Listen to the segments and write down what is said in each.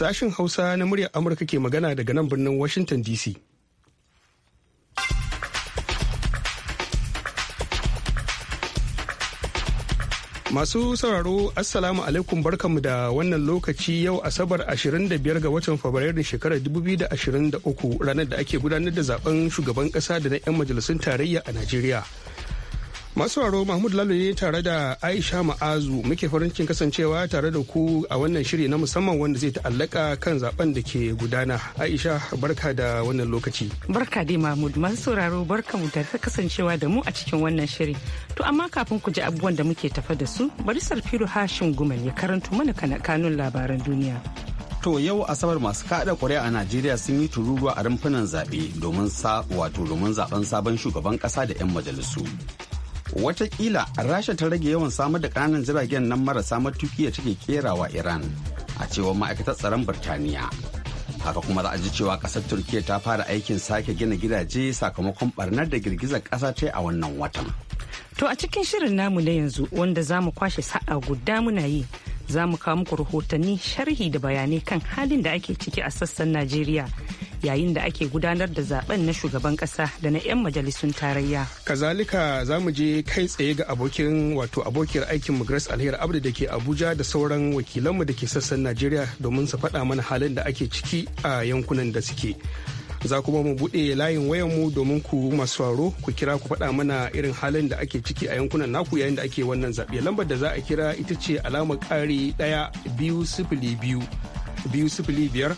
Sashin Hausa na muryar Amurka ke magana daga nan birnin Washington DC. Masu sauraro Assalamu alaikum barkanmu da wannan lokaci yau Asabar 25 ga watan Fabrairun shekarar 2023 ranar da ake gudanar da zaben shugaban kasa da na 'yan majalisun tarayya a Najeriya. Masu sauraro Mahmud Lalo ne tare da Aisha Ma'azu muke farin cikin kasancewa tare da ku a wannan shiri na musamman wanda zai ta'allaka kan zaben da ke gudana. Aisha barka da wannan lokaci. Barka dai Mahmud masu sauraro barka mu tare kasancewa da mu a cikin wannan shiri. To amma kafin ku ji abubuwan da muke tafa da su bari Sarfiru hashin Gumal ya karanto mana kanun labaran duniya. to yau asabar masu kada kuri'a a najeriya sun yi tururuwa a rumfunan zaɓe domin sa wato domin zaben sabon shugaban ƙasa da 'yan majalisu watakila rasha ta rage yawan samar da kananan jiragen nan marasa matuki da take kerawa iran a cewar ma'aikatar tsaron birtaniya haka kuma za a ji cewa ƙasar turkiya ta fara aikin sake gina gidaje sakamakon barnar da girgizar ƙasa ta a wannan watan to a cikin shirin namu na yanzu wanda za mu kwashe sa'a guda muna yi za mu kawo muku rahotanni sharhi da bayanai kan halin da ake ciki a sassan najeriya yayin da ake gudanar da zaben na shugaban kasa da na 'yan majalisun tarayya. Kazalika za mu je kai tsaye ga abokin wato abokiyar aikin Grace Alheri Abdu da ke Abuja da sauran wakilanmu da ke sassan Najeriya domin su faɗa mana halin da ake ciki a yankunan da suke. Za kuma mu buɗe layin mu domin ku masu ku kira ku faɗa mana irin halin da ake ciki a yankunan naku yayin da ake wannan zaɓe. Lambar da za a kira ita ce alamar ƙari ɗaya biyu sifili biyu biyu sifili biyar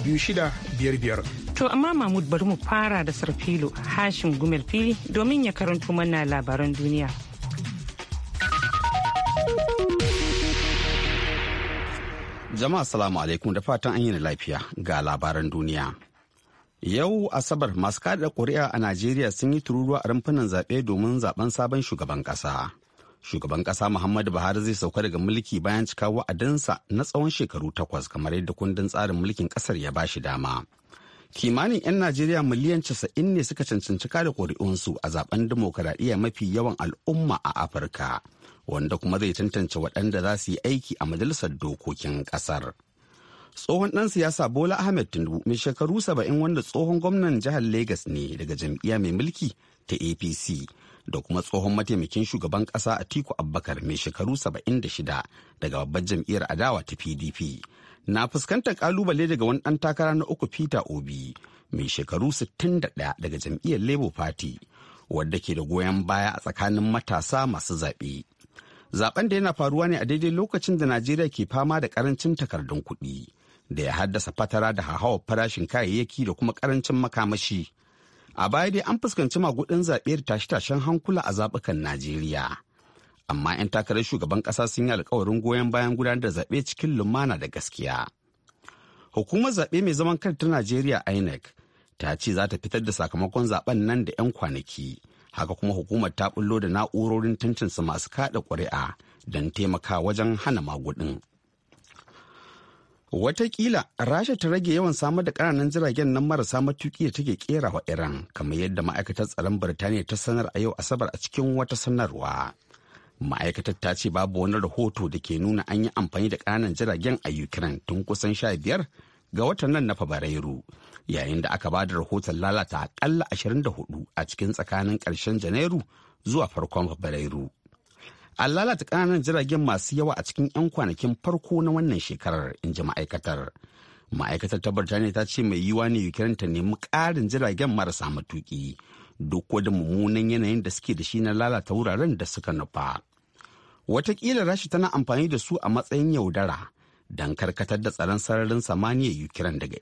biyar. To amma Mahmud bari mu fara da Sarfilo hashin Gumel Fili domin ya karanto mana labaran duniya. Jama'a salamu alaikum da fatan an yi lafiya ga labaran duniya. Yau Asabar masu kada ƙuri'a a Najeriya sun yi tururuwa a rumfunan zaɓe domin zaɓen sabon shugaban ƙasa. shugaban kasa muhammadu buhari zai sauka daga mulki bayan cika wa'adinsa na tsawon shekaru takwas kamar yadda kundin tsarin mulkin kasar ya bashi dama kimanin 'yan najeriya miliyan casa'in ne suka cancanci kare ƙuri'unsu a zaben dimokuraɗiyya mafi yawan al'umma a afirka wanda kuma zai tantance waɗanda za su yi aiki a majalisar dokokin ƙasar tsohon ɗan siyasa bola ahmed tinubu mai shekaru 70 wanda tsohon gwamnan jihar Legas ne daga jam'iyya mai mulki ta apc da kuma tsohon mataimakin shugaban ƙasa Atiku Abubakar mai shekaru 76 daga babbar jam'iyyar adawa ta PDP. Na fuskantar kalubale daga wani ɗan takara na uku Peter Obi mai shekaru 61 daga jam'iyyar Labour Party wadda ke da goyon baya a tsakanin matasa masu zaɓe. Zaben da yana faruwa ne a daidai lokacin da Najeriya ke fama da karancin takardun kuɗi da ya haddasa fatara da hauhawar farashin kayayyaki da kuma karancin makamashi A baya dai an fuskanci magudin zaɓe da tashe-tashen hankula a zaɓukan Najeriya. Amma 'yan takarar shugaban ƙasa sun yi alkawarin goyon bayan gudanar da zaɓe cikin lumana da gaskiya. Hukumar zaɓe mai zaman kanta ta Najeriya INEC ta ce za ta fitar da sakamakon zaɓen nan da 'yan kwanaki. Haka kuma hukumar ta bullo da na'urorin tantance masu kaɗa ƙuri'a don taimaka wajen hana magudin. Wataƙila Rasha ta rage yawan samar da ƙananan jiragen nan marasa matuƙi da take kera wa Iran, kamar yadda ma'aikatar tsaron Birtaniya ta sanar a yau Asabar a cikin wata sanarwa. Ma'aikatar ta ce babu wani rahoto da ke nuna an yi amfani da ƙananan jiragen a Ukraine tun kusan sha biyar ga watan nan na Fabrairu, yayin da aka ba da rahoton lalata aƙalla hudu a cikin tsakanin ƙarshen Janairu zuwa farkon Fabrairu. an lalata ƙananan jiragen masu yawa a cikin 'yan kwanakin farko na wannan shekarar in ji ma'aikatar ma'aikatar ta birtaniya ta ce mai yiwa ne ukraine ta nemi ƙarin jiragen marasa matuƙi duk wadda mummunan yanayin da suke da shi na lalata wuraren da suka nufa watakila rashi tana amfani da su a matsayin yaudara don karkatar da tsaron sararin samaniya ukraine daga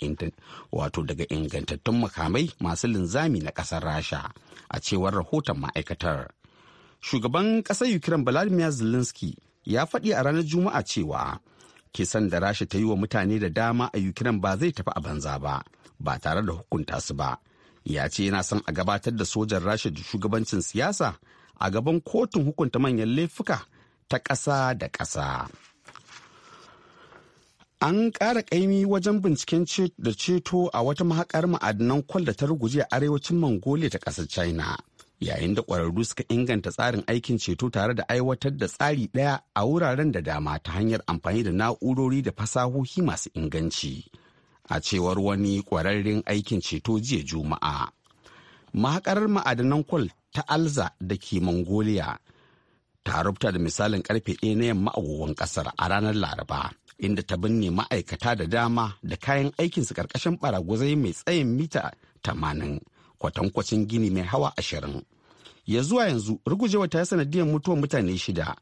wato daga ingantattun makamai masu linzami na ƙasar rasha a cewar rahoton ma'aikatar shugaban ƙasar ukraine vladimir zelensky ya faɗi a ranar juma'a cewa kisan da rasha ta yi wa mutane da dama a ukraine ba zai tafi a banza ba ba tare da hukunta su ba ya ce yana son a gabatar da sojan rasha da shugabancin siyasa a gaban kotun hukunta manyan laifuka ta ƙasa da ƙasa an ƙara ƙaimi wajen binciken da ceto a wata mahaƙar ma'adanan kwal da ta ruguje a arewacin mongolia ta ƙasar china yayin da ƙwararru suka inganta tsarin aikin ceto tare da aiwatar da tsari ɗaya a wuraren da dama ta hanyar amfani da na'urori da fasahohi masu inganci a cewar wani ƙwararren aikin ceto jiya juma'a mahakarar ma'adanan kwal ta alza da ke mongolia ta rubuta da misalin karfe ɗaya na yamma agogon ƙasar a ranar laraba inda ta binne ma'aikata da dama da kayan aikinsu ƙarƙashin ɓaragwazai mai tsayin mita tamanin kwatankwacin gini mai hawa ashirin ya zuwa yanzu rugujewa ta yi sanadiyar mutuwar mutane shida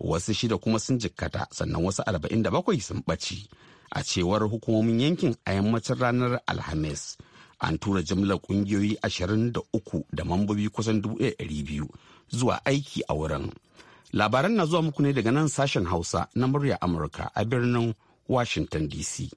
wasu shida kuma sun jikkata sannan wasu arba'in da bakwai sun ɓaci a cewar hukumomin yankin a yammacin ranar alhamis an tura jimlar ƙungiyoyi ashirin da uku da mambobi kusan dubu biyu zuwa aiki a wurin labaran na zuwa muku ne daga nan sashen hausa na murya amurka a birnin washington dc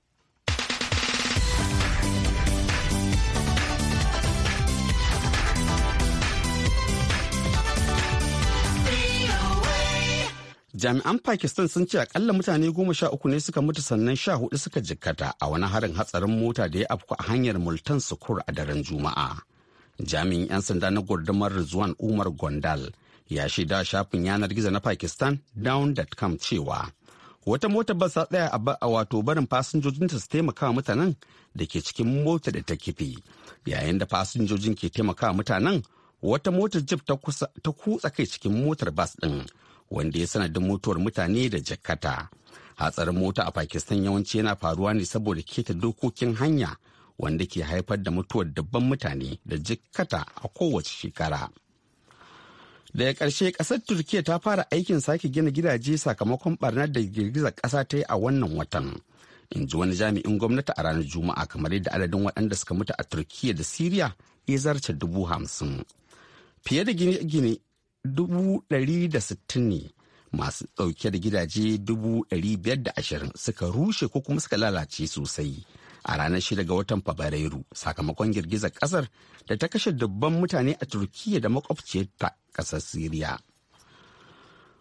jami'an pakistan sun ce akalla mutane goma sha uku ne suka mutu sannan sha hudu suka jikkata a wani harin hatsarin mota da ya afku a hanyar multan sukur a daren juma'a jami'in 'yan sanda na gundumar rizwan umar gondal ya shaida shafin yanar gizo na pakistan down.com cewa wata mota ba sa tsaya a wato barin fasinjojin ta su taimaka mutanen da ke cikin mota da ta kife yayin da fasinjojin ke taimaka mutanen wata motar jib ta kutsa kai cikin motar bas ɗin. wanda ya sanadin mutuwar mutane da jakata hatsarin mota a pakistan yawanci yana faruwa ne saboda keta dokokin hanya wanda ke haifar da mutuwar dabban mutane da jikkata a kowace shekara. Daga ƙarshe ƙasar Turkiyya ta fara aikin sake gina gidaje sakamakon barnar da girgizar ƙasa ta yi a wannan watan. In ji wani jami'in gwamnati a ranar Juma'a kamar yadda adadin waɗanda suka mutu a Turkiyya da Siriya ya zarce dubu hamsin. Fiye da gine-gine 160 ne masu ɗauke da gidaje 520 suka rushe ko kuma suka lalace sosai a ranar 6 ga watan Fabrairu sakamakon girgizar kasar da ta kashe dubban mutane a turkiya da makwabciyar ta ƙasar Siriya.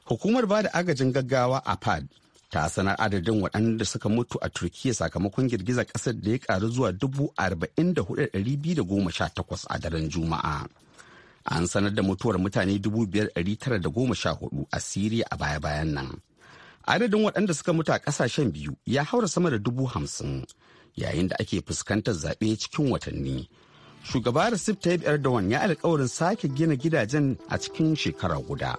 Hukumar ba da agajin gaggawa a Pad ta sanar adadin waɗanda suka mutu a Turkiyya sakamakon girgizar kasar da ya karu zuwa 44,218 a daren Juma'a. an sanar da mutuwar mutane 5,914 a siriya a baya-bayan nan adadin waɗanda suka mutu a ƙasashen biyu ya haura sama da dubu hamsin yayin da ake fuskantar zaɓe cikin watanni shugaba recep tayyip erdogan ya alkawarin sake gina gidajen a cikin shekara guda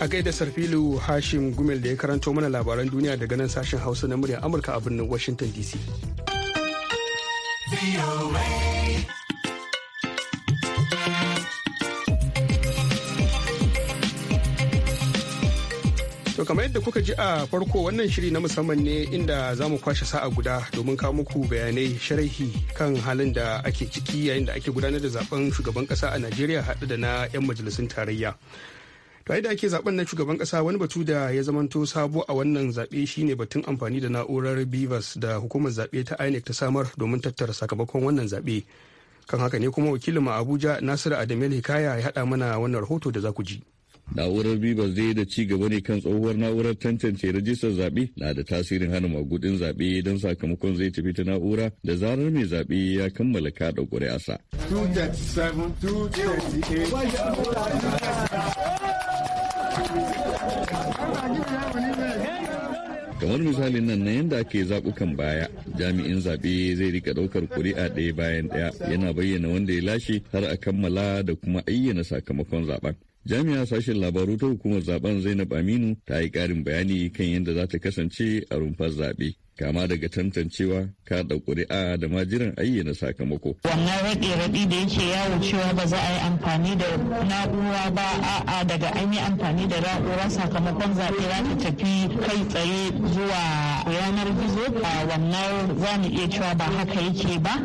a gaida sarfilu hashim gumel da ya karanto mana labaran duniya daga nan sashen hausa na murya amurka a birnin washington dc To kamar yadda kuka ji a farko wannan shiri na musamman ne inda za mu kwashe sa'a guda domin kawo muku bayanai sharahi kan halin da ake ciki yayin da ake gudanar da zaben shugaban kasa a Najeriya haɗu da na 'yan majalisun tarayya. to da ake zaben na shugaban kasa wani batu da ya zamanto sabo a wannan zaɓe shine batun amfani da na'urar bivas da hukumar zaɓe ta inec ta samar domin tattara sakamakon wannan zaɓe kan haka ne kuma wakilin mu abuja nasiru adamel hikaya ya haɗa mana wannan rahoto da za ku ji na'urar bivas dai da ci gaba ne kan tsohuwar na'urar tantance rajistar zaɓe na da tasirin hana magudin zaɓe don sakamakon zai tafi ta na'ura da zarar mai zaɓe ya kammala kaɗa ƙuri'arsa. kamar misalin nan na yadda ake zaɓukan baya jami'in zaɓe zai rika ɗaukar kuri'a ɗaya bayan ɗaya yana bayyana wanda ya lashe har a kammala da kuma ayyana sakamakon zaɓen jami'a sashen labaru ta hukumar zaɓen zainab aminu ta yi ƙarin bayani kan yadda za ta kasance a rumfar zaɓe kama daga tantancewa ka kaɗa ƙuri'a da ma jiran ayyana sakamako. Wannan raɗe-raɗi da yake yawo cewa ba za a yi amfani da na'ura ba a'a daga an yi amfani da na'ura sakamakon zaɓe za ta tafi kai tsaye zuwa yanar gizo a wannan za iya cewa ba haka yake ba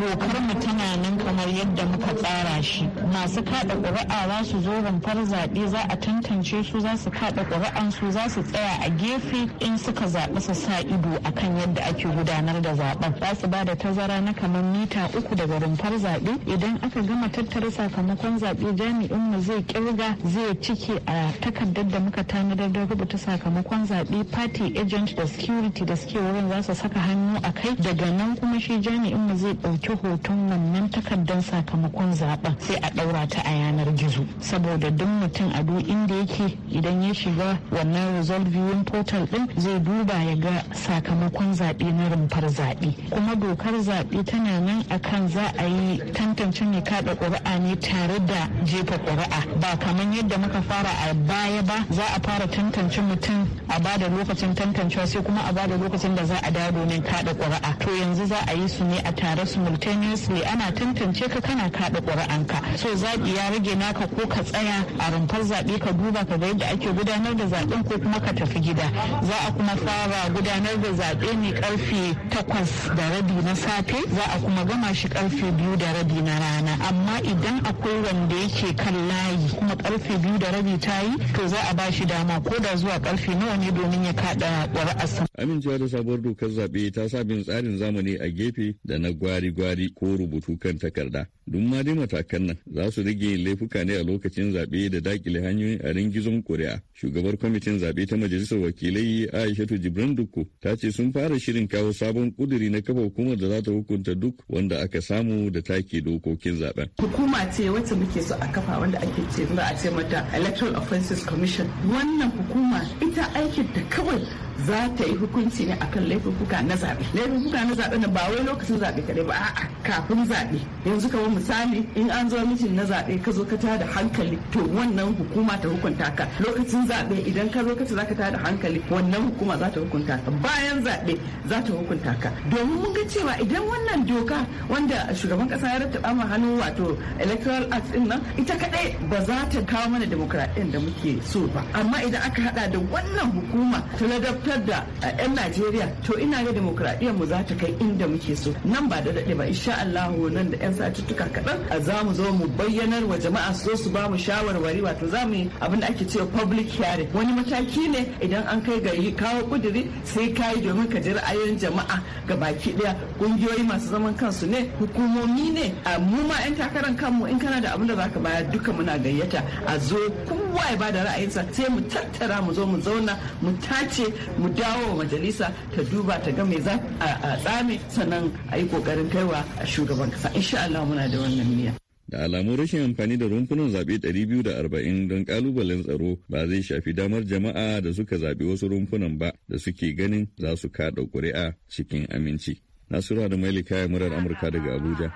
dokar mu tana nan kamar yadda muka tsara shi masu kada ƙuri'a za su zo rumfar zaɓe za a tantance su za su kada ƙuri'an su za su tsaya a gefe in suka zaɓi su sa ido akan yadda ake gudanar da zaɓen za su bada tazara na kamar mita uku daga rumfar zaɓe idan aka gama tattara sakamakon zaɓe jami'in mu zai kirga zai cike a takardar da muka tanadar da rubuta sakamakon zaɓe party agent da security da suke wurin za su saka hannu a kai daga nan kuma shi jami'in mu zai ɗauki ta hoton wannan takardar sakamakon zaben sai a ɗaura ta a yanar gizo saboda duk mutum a duk inda yake idan ya shiga wannan result viewing portal ɗin zai duba ya ga sakamakon zaɓe na rumfar zaɓe kuma dokar zaɓe tana nan akan za a yi tantance mai kaɗa ƙuri'a ne tare da jefa ƙuri'a ba kamar yadda muka fara a baya ba za a fara tantance mutum a ba da lokacin tantancewa sai kuma a ba da lokacin da za a dawo domin kaɗa ƙuri'a to yanzu za a yi su ne a tare su simultaneously ana tantance ka kana kaɗa ƙuri'anka so zaɓi ya rage naka ko ka tsaya a rumfar zaɓe ka duba ka ga yadda ake gudanar da zaɓen ko kuma ka tafi gida za a kuma fara gudanar da zaɓe ne karfe takwas da rabi na safe za a kuma gama shi karfe biyu da rabi na rana amma idan akwai wanda yake kan layi kuma karfe biyu da rabi ta yi to za a ba shi dama ko da zuwa karfe nawa ne domin ya kaɗa ƙuri'arsa. amincewa da sabuwar dokar zaɓe ta sa bin tsarin zamani a gefe da na gwari-gwari labari ko rubutu kan takarda Duk ma dai matakan nan za su rage laifuka ne a lokacin zaɓe da dakile hanyoyin a ringizon kuri'a Shugabar kwamitin zaɓe ta majalisar wakilai Aishatu Jibrin Dukko ta ce sun fara shirin kawo sabon ƙuduri na kafa hukumar da za ta hukunta duk wanda aka samu da take dokokin zaɓen. Hukuma ce wacce muke so a kafa wanda ake ce za a ce mata Electoral Offenses Commission. Wannan hukuma ita aikin da kawai za ta yi hukunci ne akan laifuka na zaɓe. Laifuka na zaɓe na ba wai lokacin zaɓe kaɗai ba a'a kafin zaɓe. Yanzu kawai misali in an zo mitin na zaɓe ka zo ka da hankali to wannan hukuma ta hukunta ka lokacin zaɓe idan ka zo ka ta zaka da hankali wannan hukuma za ta hukunta ka bayan zaɓe za ta hukunta ka domin mun ga cewa idan wannan doka wanda shugaban kasa ya rattaba mu hannu wato electoral act din nan ita kadai ba za ta kawo mana demokradiyyar da muke so ba amma idan aka hada da wannan hukuma ta ladabtar da yan eh, Najeriya to ina ga demokradiyyar mu za ta kai inda muke so nan ba da daɗe ba insha Allah nan da yan satuttuka kaɗan za mu zo mu bayyanar wa jama'a so su ba mu shawarwari wato za mu yi abin da ake cewa public hearing wani mataki ne idan an kai ga yi kawo kuduri sai kayi domin ka ji ra'ayoyin jama'a ga baki ɗaya ƙungiyoyi masu zaman kansu ne hukumomi ne mu ma 'yan takarar kanmu in kana da abin da za ka bayar duka muna gayyata a zo kuma kowa ya bada ra'ayinsa sai mu tattara mu zo mu zauna mu tace mu dawo wa majalisa ta duba ta ga me za a tsame sannan a yi kokarin kaiwa a shugaban kasa insha Allah muna da wannan niyya da alamun rashin amfani da rumfunan zaɓe 240 don ƙalubalen tsaro ba zai shafi damar jama'a da suka zaɓi wasu rumfunan ba da suke ganin za su kaɗa ƙuri'a cikin aminci. Nasiru da Mailika ya murar Amurka daga Abuja,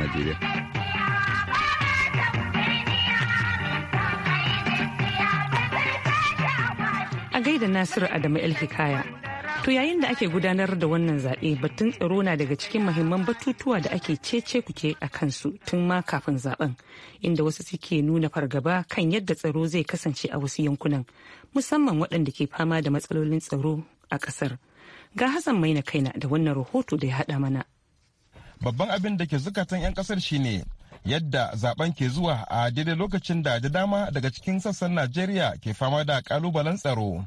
Najeriya. gaida Nasiru Adamu El Hikaya. To yayin da ake gudanar da wannan zaɓe batun tsaro na daga cikin mahimman batutuwa da ake cece kuke a kansu tun ma kafin zaben inda wasu suke nuna fargaba kan yadda tsaro zai kasance a wasu yankunan musamman waɗanda ke fama da matsalolin tsaro a ƙasar. Ga Hassan Maina kaina da wannan rahoto da ya haɗa mana. Babban abin da ke zukatan 'yan ƙasar shine yadda zaben ke zuwa a daidai lokacin da da dama daga cikin sassan najeriya ke fama da kalubalen tsaro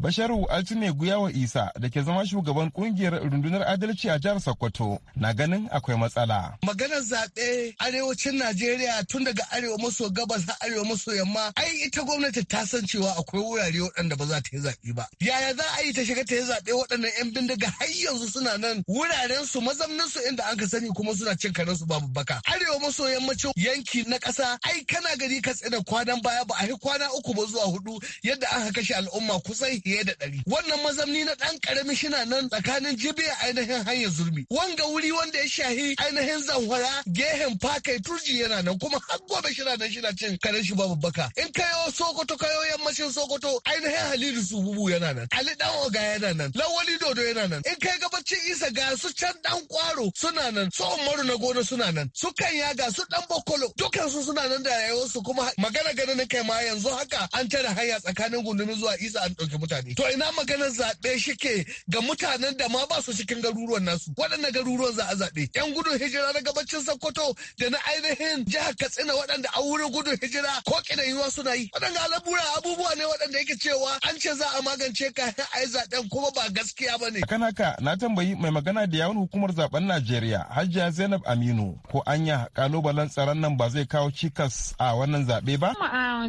Basharu Altine Guyawa Isa da ke zama shugaban kungiyar rundunar adalci a jihar Sokoto na ganin akwai matsala. Maganar zaɓe arewacin Najeriya tun daga arewa maso gabas har arewa maso yamma ai ita gwamnati ta san cewa akwai wurare waɗanda ba za ta yi zaɓe ba. Yaya za a yi ta shiga ta yi zaɓe waɗannan 'yan bindiga har yanzu suna nan wuraren su mazamnin su inda an ka sani kuma suna cin karen su babu baka. Arewa maso yammacin yanki na ƙasa ai kana gari ka tsina kwanan baya ba a yi kwana uku ba zuwa hudu yadda an kashe al'umma kusai fiye da ɗari wannan mazamni na ɗan ƙarami shina nan tsakanin jibiya ainihin hanyar zurmi wanga wuri wanda ya shahi ainihin zanwara gehen fakai turji yana nan kuma har gobe shina nan shina cin karen shi babu baka in kayo sokoto kayo yammacin sokoto ainihin halilu sububu yana nan ali dan oga yana nan lawali dodo yana nan in kai gabacin isa ga su can dan kwaro suna nan su umaru na gona suna nan su kan ya ga su dan bokolo dukansu suna nan da rayuwarsu kuma magana ganin kai ma yanzu haka an tare hanya tsakanin gundumi zuwa isa an ɗauki mutane mutane to ina maganar zaɓe shike ga mutanen da ma ba su cikin garuruwan nasu waɗanne garuruwan za a zaɓe yan gudun hijira na gabacin sokoto da na ainihin jihar katsina waɗanda a wurin gudun hijira ko yiwa suna yi waɗanda alabura abubuwa ne waɗanda yake cewa an ce za a magance kayan a yi zaɓen kuma ba gaskiya ba ne. kanaka na tambayi mai magana da yawun hukumar zaɓen najeriya hajiya zainab aminu ko anya kalubalen tsaron nan ba zai kawo cikas a wannan zaɓe ba.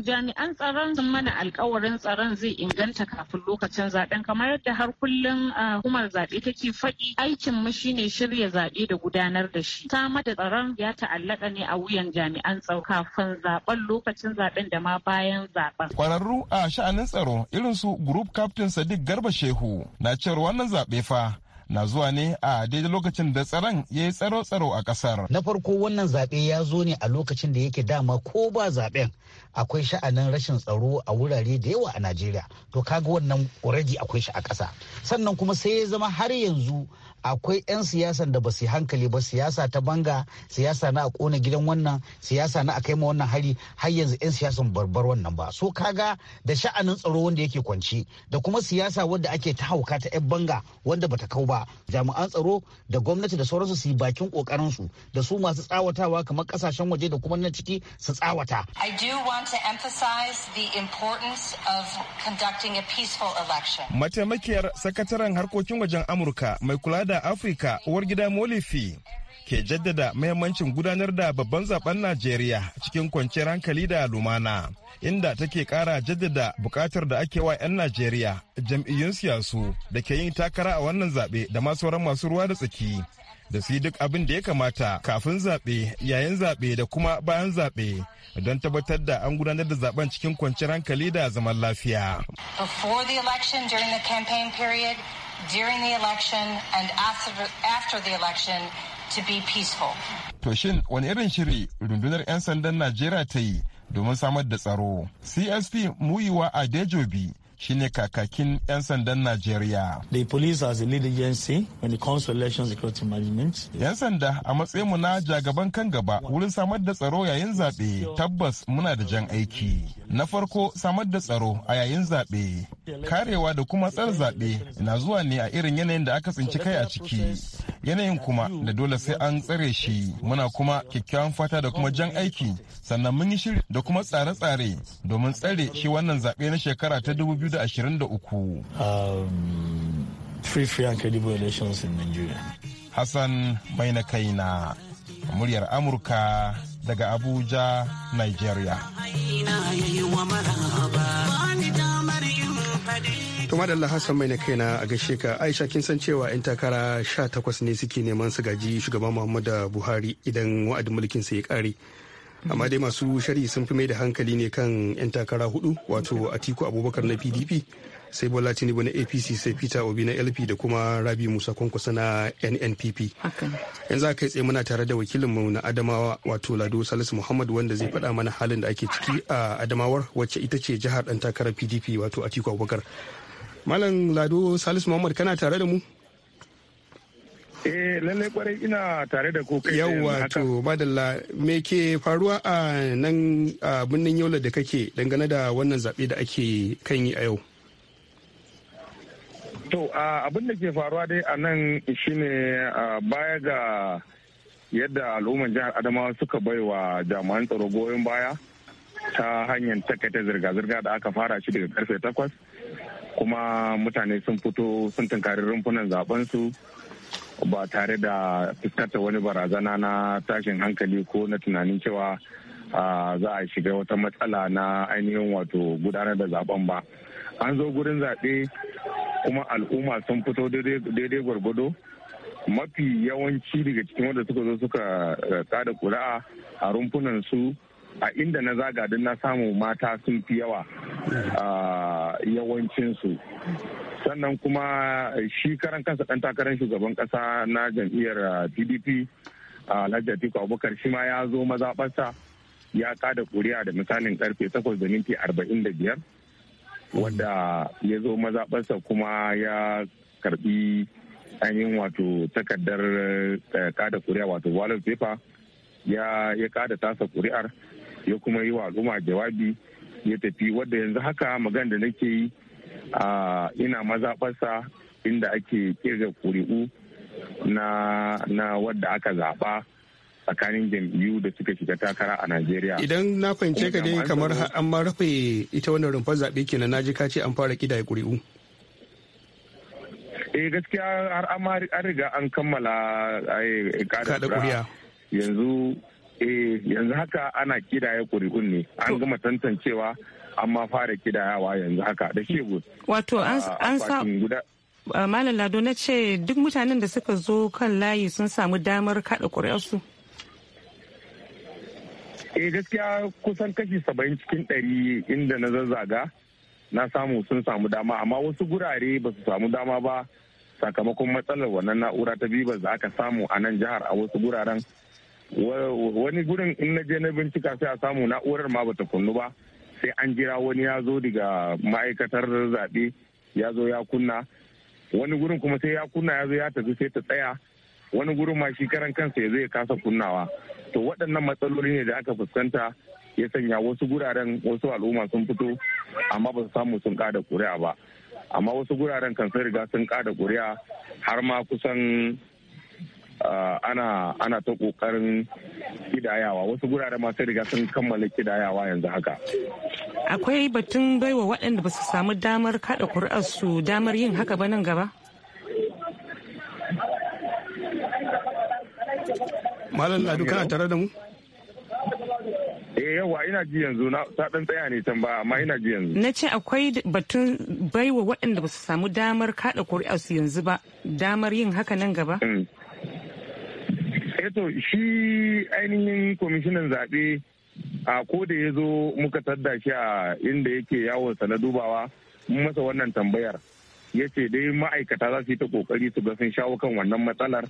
jami'an tsaron sun mana alkawarin tsaron zai inganta kafin kafin lokacin zaɓen, kamar yadda har kullum hukumar zaɓe take faɗi aikin mu shine shirya zaɓe da gudanar da shi Sama da tsaron ya ta'allaka ne a wuyan jami'an tsaro kafin zaben lokacin zaɓen da ma bayan zaɓen. kwararru a sha'anin tsaro irin su group captain sadiq garba shehu na cewa wannan zaɓe fa na zuwa ne a daidai lokacin da tsaron ya yi tsaro-tsaro a kasar. Na farko wannan zaɓe ya zo ne a lokacin da yake dama ko ba zaɓen akwai sha'anin rashin tsaro a wurare da yawa a Najeriya. To kaga wannan ƙoraji akwai shi a ƙasa. Sannan kuma sai ya zama har yanzu akwai 'yan siyasan da ba su hankali ba siyasa ta banga siyasa na a kona gidan wannan siyasa na a kai ma wannan hari har yanzu 'yan siyasan barbar wannan ba so kaga da sha'anin tsaro wanda yake kwanci da kuma siyasa wadda ake ta hauka ta 'yan banga wanda bata kau ba jami'an tsaro da gwamnati da sauransu su yi bakin kokarin su da su masu tsawatawa kamar kasashen waje da kuma na ciki su tsawata. I do want to emphasize the importance of conducting a peaceful election. Mataimakiyar sakataren harkokin wajen Amurka mai kula da da afirka uwar gida molifi ke jaddada mahimmancin gudanar da babban zaben najeriya cikin kwanciyar hankali da lumana inda take kara jaddada bukatar da ake wa 'yan najeriya jam'iyyun siyasu da ke yin takara a wannan zaɓe da masu ran masu ruwa da tsaki da su yi duk abin da ya kamata kafin zaɓe yayin zaɓe da kuma bayan zaɓe don tabbatar da an gudanar da zaben cikin kwanciyar hankali da zaman lafiya. Before the election during period, during the election and after, after the election to be peaceful. To shin wani irin shiri rundunar 'yan sandan Najeriya ta yi domin samar da tsaro? CSP Muyiwa Adejobi shine kakakin 'yan sandan Najeriya. The police as a lead agency when it comes to election security management. 'Yan sanda a matsayin mu na jagaban kan gaba wurin samar da tsaro yayin zaɓe tabbas muna da jan aiki. Na farko samar da tsaro a yayin zaɓe, karewa da kuma tsar zaɓe na zuwa ne a irin yanayin da aka tsinci kai a ciki. yanayin kuma da dole sai an tsare shi muna kuma kyakkyawan fata da kuma jan aiki sannan mun yi shiri da kuma tsare-tsare domin tsare shi wannan zaɓe na shekara ta 2023 um, Hassan mai na kai na muryar Amurka daga Abuja, Nigeria. to madalla hassan mai na kaina a gaishe ka aisha kin san cewa 'yan takara sha takwas ne suke neman su gaji shugaban muhammadu buhari idan wa'adin mulkin sa ya kare amma dai masu shari'i sun fi mai da hankali ne kan 'yan takara hudu wato atiku abubakar na pdp sai bola tinubu na apc sai peter obi na lp da kuma rabi musa kwankwasa na nnpp yanzu aka tsaye muna tare da wakilinmu na adamawa wato lado salisu muhammad wanda zai faɗa mana halin da ake ciki a adamawar wacce ita ce jihar ɗan takarar pdp wato atiku abubakar Malam Lado Salisu Muhammad kana tare da mu? Eh lallai kwarai ina tare da ku kai Yawwa to madalla me ke faruwa a nan a birnin Yola da kake dangane da wannan zaɓe da ake kan yi a yau? To abin da ke faruwa dai a nan shine baya ga yadda al'umman jihar Adamawa suka bai wa jami'an tsaro goyon baya ta hanyar takaita zirga-zirga da aka fara shi daga karfe takwas. kuma mutane sun fito sun tunkari rumfunan zabensu ba tare da fuskantar wani barazana na tashin hankali ko na tunanin cewa za a shiga wata matsala na ainihin wato gudanar da zaben ba an zo gurin zaɓe kuma al'umma sun fito daidai gwargwado mafi yawanci daga cikin wanda suka zo suka kada eh, ƙuri'a a rumfunan su a inda na zaga don na samu mata sun fi yawa a yawancinsu sannan kuma eh, shi karan kansa ɗan takarar shugaban kasa na jam'iyyar pdp eh, alhaji atiku abubakar shi ma ya zo mazaɓarsa ya kada kuri'a da misalin karfe 8 da minti 45 ya zo mazaɓarsa kuma ya karbi ainihin wato takardar eh, kada kuri'a wato wallet paper ya kada tasa kuri'ar ya kuma yi wa al'umma jawabi ya tafi wadda yanzu haka magana da nake yi a ina mazaɓarsa inda ake kirga kuri'u na na wadda aka zaɓa tsakanin jam'iyyu da suka shiga takara a Najeriya. Idan na fahimce ka dai kamar an ma rufe ita wannan rumfar zaɓe kenan na ji ka ce an fara kidaye kuri'u. Eh gaskiya har an riga an kammala kada eh, eh, kuri'a Yanzu eh yanzu haka ana kidaya kuri'un ne an gama tantancewa amma fara kidayawa yanzu haka da shegu wato an sa malam lado na ce duk mutanen da suka zo kan layi sun samu damar kada kuri'arsu eh gaskiya kusan kashi saba'in cikin ɗari inda na zazzaga na samu sun samu dama amma wasu gurare ba su samu dama ba sakamakon matsalar wannan na'ura ta bibas da aka samu a nan jihar a wasu guraren wani gurin in na je na bincika sai a samu na'urar ma bata kunnu ba sai an jira wani ya zo daga ma'aikatar zaɓe ya zo ya kunna wani gurin kuma sai ya kunna ya zo ya tafi sai ta tsaya wani gurin ma shi karan kansa ya zai kasa kunnawa to waɗannan matsaloli ne da aka fuskanta ya sanya wasu guraren wasu al'umma sun fito amma ba su samu sun kada ƙuri'a ba amma wasu guraren kan sai riga sun kada kuri'a har ma kusan Ah, ana ana ta kokarin kidayawa wasu gurare ma sai riga sun kammala kidayawa yanzu haka akwai batun baiwa waɗanda ba su samu damar kada kuri'ar su damar yin haka ba nan gaba malam ladu kana tare da mu eh yawa ina ji yanzu na ta dan tsaya ne can ba amma ina ji yanzu na ce akwai batun baiwa waɗanda ba su samu damar kada kuri'ar su yanzu ba damar yin haka nan gaba mm. eto eh, shi ainihin kwamishinan zaɓe a ko da ya zo muka tadda shi a inda yake yawonsa na dubawa masa wannan tambayar ya ce dai ma'aikata za su yi ta kokari su ga sun shawo kan wannan matsalar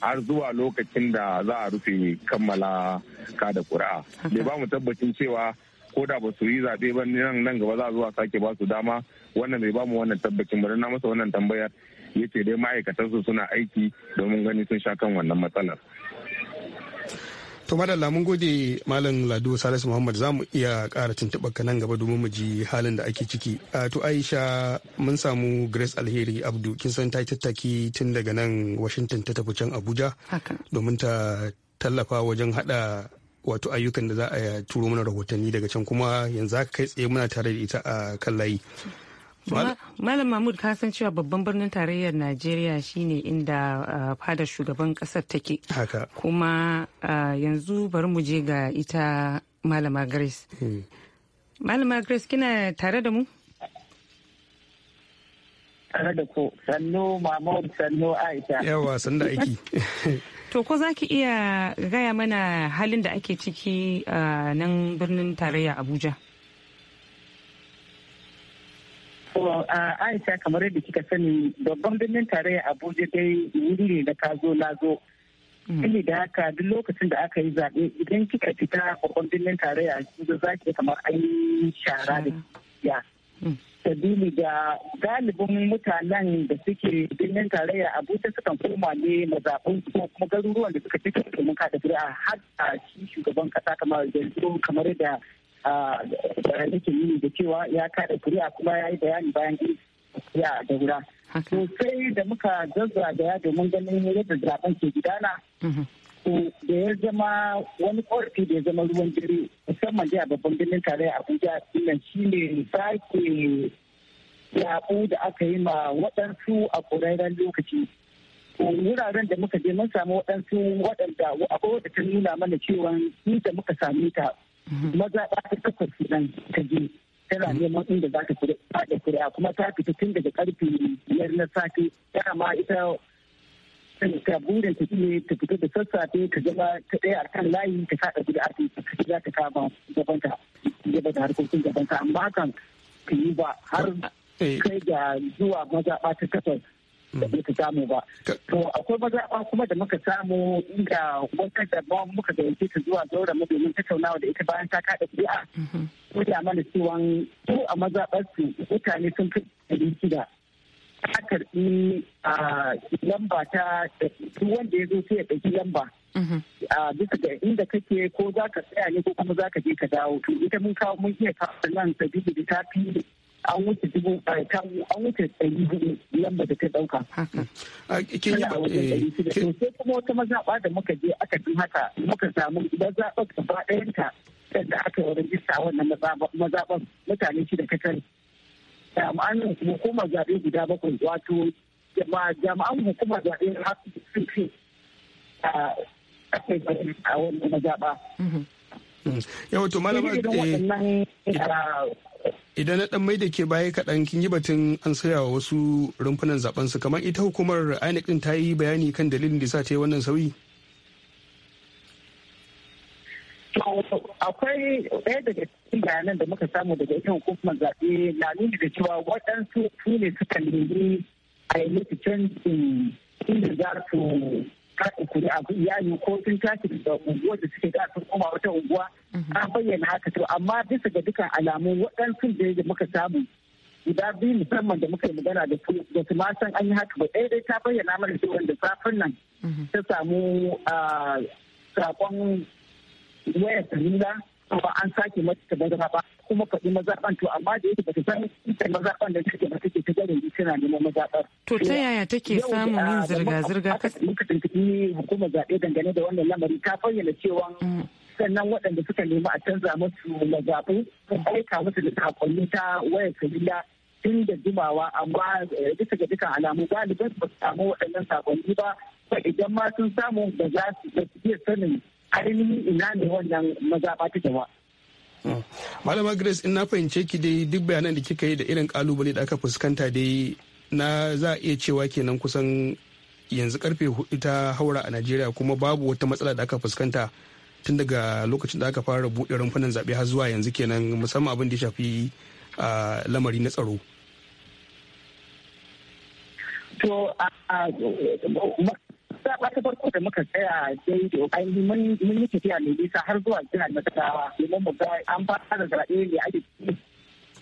har zuwa lokacin da za a rufe kammala ka da kuri'a bai ba mu tabbacin cewa ko da ba su yi zaɓe ba nan nan gaba za a zuwa sake ba su dama wannan bai ba mu wannan tabbacin ba na masa wannan tambayar ya ce dai ma'aikatansu suna aiki domin gani sun sha kan wannan matsalar to madalla mun gode malam lado salisu muhammad za mu iya kara tuntuɓar nan gaba domin mu ji halin da ake ciki to aisha mun samu grace alheri abdu kin san ta tattaki tun daga nan washington ta tafi can abuja domin ta tallafa wajen hada wato ayyukan da za a turo mana rahotanni daga can kuma yanzu haka kai tsaye muna tare da ita a kan layi Malam Mahmud ka san cewa babban birnin tarayyar Najeriya shine inda uh, fadar shugaban kasar take. Haka. Kuma uh, yanzu bari mu je ga ita Malama Grace. Hmm. Malama Grace kina tare da mu? Tare da ku. Sannu Mahmud sannu Aisha. Yawa sannu aiki. To ko za ki iya gaya mana halin da ake ciki uh, nan birnin tarayya Abuja? a Aisha kamar yadda kika sani babban birnin tarayya Abuja dai wuri ne na kazo lazo. Hmm. Ili da haka duk lokacin da aka yi zaɓe idan kika fita babban birnin tarayya Abuja za ki kamar an shara da ya. Hmm. Sabili da galibin mutanen da suke birnin tarayya Abuja sukan koma ne mazaɓin ko kuma garuruwan da suka fito domin kada a har a shugaban kasa kamar yanzu kamar da. da nake yi da cewa ya kada kuri'a kuma ya yi bayani bayan ya da wura. Sosai da muka zazzara da ya domin ganin yadda zaben ke gudana. Mhm. da ya zama wani korafi da ya zama ruwan dare musamman da a babban birnin tarayya abuja dinnan ne sake yabo da aka yi ma waɗansu a ƙurarren lokaci wuraren da muka je mun samu waɗansu waɗanda akwai wadda ta nuna mana cewa ni da muka same ta maza ta kafa ɗan ta je tana neman inda za ta kuri'a kuma ta fita tun daga karfe biyar na safe ma ita ta burin ta ne ta fita da sassafe ta zama ta ɗaya a kan layi ta faɗa kuri'a ta za ta kama gabanta gaba da harkokin gabanta amma hakan ta yi ba har eh. kai ga zuwa maza ta kasar da ta samu ba. To akwai mazaɓa kuma da muka samu inda wata da ba muka gayyace ta zuwa zaura mu domin tattaunawa da ita bayan ta kaɗa kuri'a. Mhm. da mana cewa su a mazaɓar su mutane sun fi ɗari shida. Ta karɓi lamba ta duk wanda ya zo sai ya ɗauki lamba. Mhm. a bisa ga inda kake ko za ka tsaya ne ko kuma za ka je ka dawo to ita mun kawo mun iya kawo nan sabida da ta fi an wuce dubu an wuce ɗari hudu lamba da ta ɗauka. a yi eh, ɗari sai kuma wata mazaɓa da muka je aka bi haka muka samu mazaɓar gaba ɗayanta da aka yi rajista wannan mazaɓan mutane shida ta kare. Jami'an hukumar zaɓe guda bakwai wato jami'an hukumar zaɓe har sun fi a wannan mazaɓa. Mm-hmm. Mm. Yawa to malama. idan na dan mai da ke baya kaɗan kin yi batun an saya wa wasu rumfunan zaben su kamar ita hukumar INEC din ta yi bayani kan dalilin da sa ta yi wannan sauyi akwai ɗaya daga cikin bayanan da muka samu daga ita hukumar zaɓe na nuna da cewa waɗansu su ne suka nemi a yi mutu canjin inda za su kaɗa kuri'a iyali ko sun tashi daga unguwar da suke da su ta bayyana haka to amma bisa ga dukkan alamu waɗansu da muka samu guda biyu musamman da muka yi magana da su da su san an yi haka ba ɗaya dai ta bayyana mana cewa da safin nan mhm. ta samu sakon wayar salula ba an sake mata ta bazara ba kuma faɗi mazaɓan to amma da yake ba ta san ita mazaɓan da take ba take ta garin tana neman mazaɓar. To ta yaya take samun yin zirga-zirga? Muka tuntuɓi hukumar zaɓe dangane da wannan lamari ta bayyana cewa mm. sannan waɗanda suka nemi a canza masu mazaɓu sun aika musu da sakonni ta wayar salula tun da jimawa amma eh, bisa ga dukkan alamu ɗaliban ba su samu waɗannan sakonni ba ba idan ma sun samu ba za su iya sanin ainihin ina ne wannan mazaɓa ta jama'a. Hmm. Malama Grace in na fahimce ki dai duk bayanan da kika yi da irin kalubale da aka fuskanta dai na za a iya cewa kenan kusan yanzu karfe hudu ta haura a Najeriya kuma babu wata matsala da aka fuskanta tun daga lokacin da aka fara buɗe rumfunan zaɓe har zuwa yanzu kenan musamman abin da ya shafi lamari na tsaro. To, zaɓa ta farko da muka tsaya dai ainihin mun yi tafiya mai nisa har zuwa jihar Nasarawa domin mu ga an fara zaɓe ne ake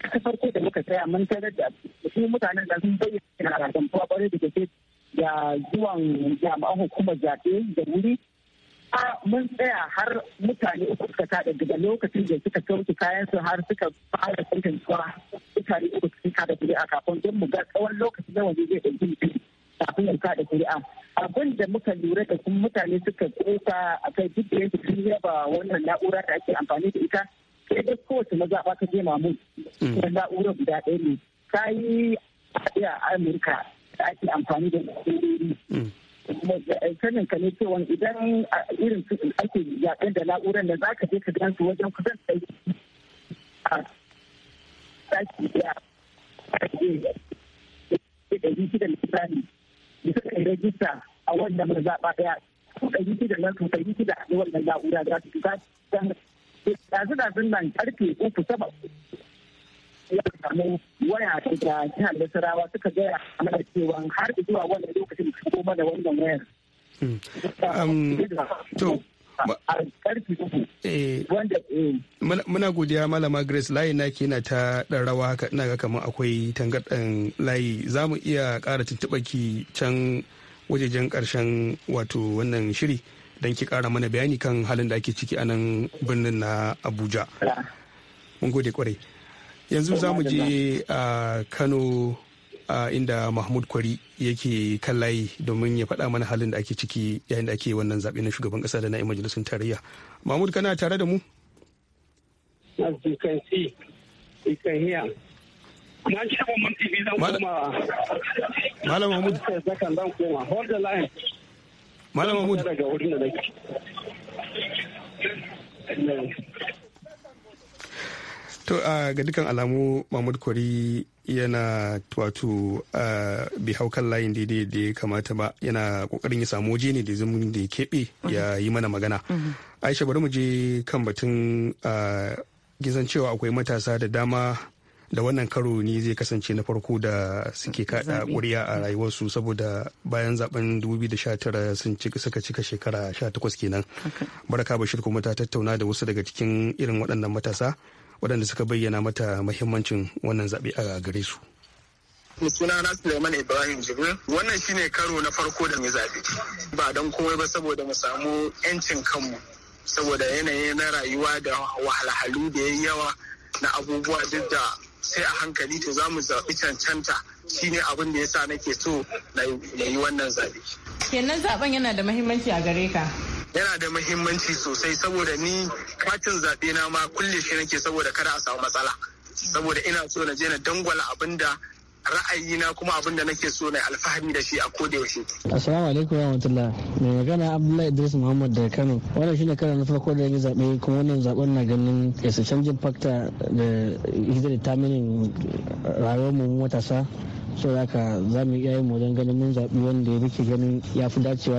ta farko da muka tsaya mun tarar da su mutanen da sun bayyana a rantsuwa kwarai da gaske da zuwan jami'an hukumar zaɓe da wuri a mun tsaya har mutane uku suka tada daga lokacin da suka sauke kayan su har suka fara tantancewa tsuwa mutane uku suka tada kuri'a kafin don mu ga tsawon lokacin da waje zai ɗauki mutum kafin ya kuri kuri'a abin da muka lura da kuma mutane suka koka a kai duk da yake sun yaba wannan na'ura da ake amfani da ita sai dai kowace mazaɓa ta je mamun mm. na na'ura guda ɗaya ne ta yi a amurka da ake amfani da sanin ka ne cewa idan irin ake yaƙen da na'urar da za ka je ka gansu wajen kusan ɗauki a ɗaki ɗaya a ɗari shida misali da suka yi rajista a wannan mazaɓa ɗaya su ɗari shida nan su ɗari shida a wannan na'ura za su shiga ɗazu ɗazun nan ƙarfe uku saba samu gaya mana cewa Muna godiya Malama Grace layi na ke na ta ɗan rawa haka ina ga kamar akwai tangarɗan eh, layi za mu iya ƙara ki can wajejen ƙarshen wato wannan shiri don ki ƙara mana bayani kan halin da ake ciki a nan birnin na Abuja. Mun gode kwarai. yanzu za mu je a kano inda mahmud kwari yake kan layi domin ya faɗa mana halin da ake ciki yayin da ake wannan zaɓe na shugaban ƙasa da na majalisun tarayya mahmud kana tare da mu Malam Mahmud. Malam Mahmud. to a ga dukkan alamu mahmud kwari yana wato bai hau kan layin daidai da ya kamata ba yana kokarin ya samu waje ne da zumun da ya keɓe ya yi mana magana mhm. aisha bari mu je kan batun gizan cewa akwai matasa da dama da wannan karo ne zai kasance na farko da suke kada kuriya a rayuwarsu saboda bayan zaben 2019 sun suka cika shekara 18 kenan baraka bashir kuma ta tattauna da wasu daga cikin irin waɗannan matasa waɗanda suka bayyana mata mahimmancin wannan zaɓe a gare su. suna na Suleiman Ibrahim Jibril wannan shine karo na farko da mu zaɓe ba don komai ba saboda mu samu ƴancin kanmu saboda yanayi na rayuwa da wahalhalu da ya yawa na abubuwa duk da sai a hankali to za mu zaɓi cancanta ne abin da ya sa nake so na yi wannan zaɓe. kenan zaɓen yana da mahimmanci a gare ka. yana da mahimmanci sosai saboda ni katin zaɓe na ma kulle shi nake saboda kada a samu matsala saboda ina so na je na dangwala abinda ra'ayi na kuma abin da nake so na alfahari da shi a koda yaushe. Assalamu alaikum wa rahmatullah. Mai magana Abdullahi Idris Muhammad da Kano. Wannan shine karan na farko da yin zaɓe kuma wannan zaɓen na ganin yasa canjin fakta da hidda da taminin rayuwar mu matasa. So haka za mu iya yin mu don ganin mun zaɓi wanda ya rike ganin ya fi dacewa da